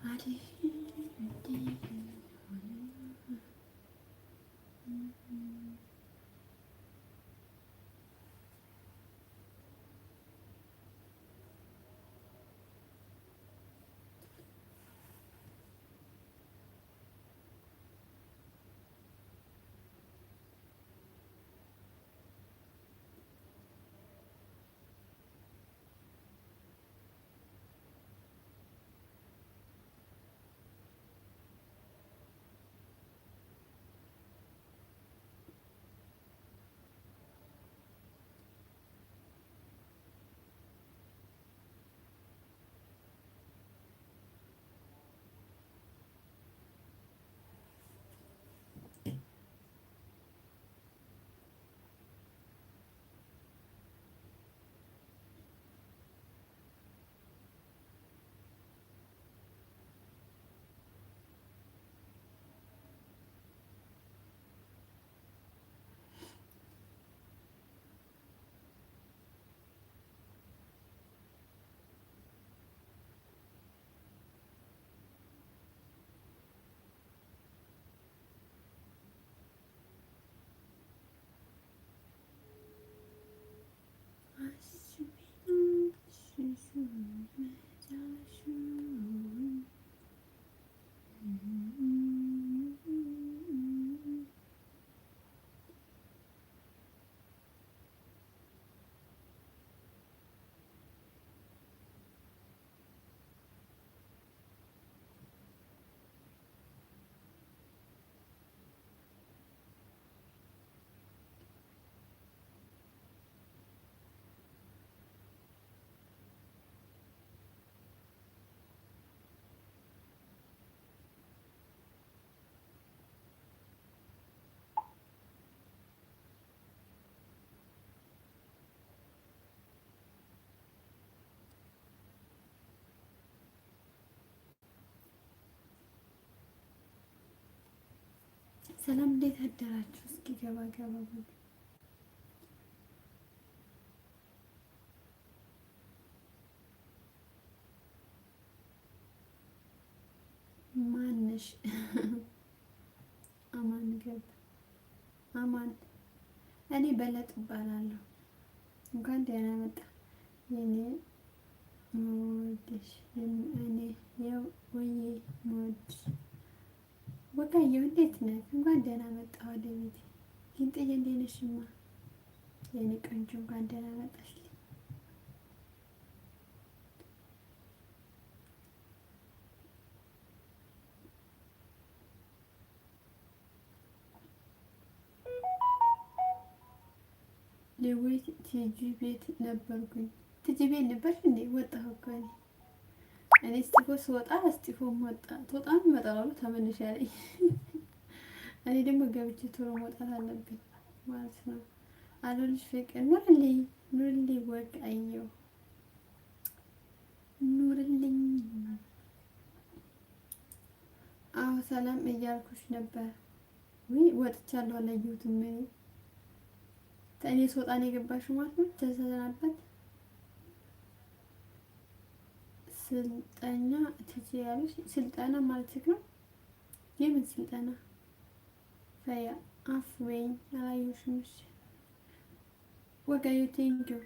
아리 ሰላም እንዴት አደራችሁ? እስኪ ገባ ገባ ማንሽ አማን ገብ አማን እኔ በለጥ እባላለሁ። እንኳን ደህና መጣ የኔ እታየሁ እንዴት ነህ? እንኳን ደህና መጣህ ወደ ቤቴ። ጊንጥዬ እንዴት ነሽማ? የኔ ቆንጆ እንኳን ደህና መጣሽ። ሌዊ ቲጂ ቤት ነበርኩኝ። ቲጂ ቤት ነበርሽ እንዴ? ወጣሁ እኮ እኔ እኔ እስጢፎ ስወጣ እስጢፎ ወጣ ትወጣም ይመጣላሉ ተመልሽ ያለኝ እኔ ደግሞ ገብቼ ቶሎ መውጣት አለብኝ ማለት ነው። አሉልሽ ፍቅር ኑርልኝ ኑርልኝ ወቅ አየሁ ኑርልኝ። አዎ ሰላም እያልኩሽ ነበር። ወይ ወጥቻለሁ አላየሁትም። እኔ ስወጣ ነው የገባሽው ማለት ነው ተሰናበት ስልጠና ትችያለሽ? ስልጠና ማለት ነው። የምን ስልጠና? ፈያ አፍ ወይኝ አላየሽም። ወጋዩ ቴንኪው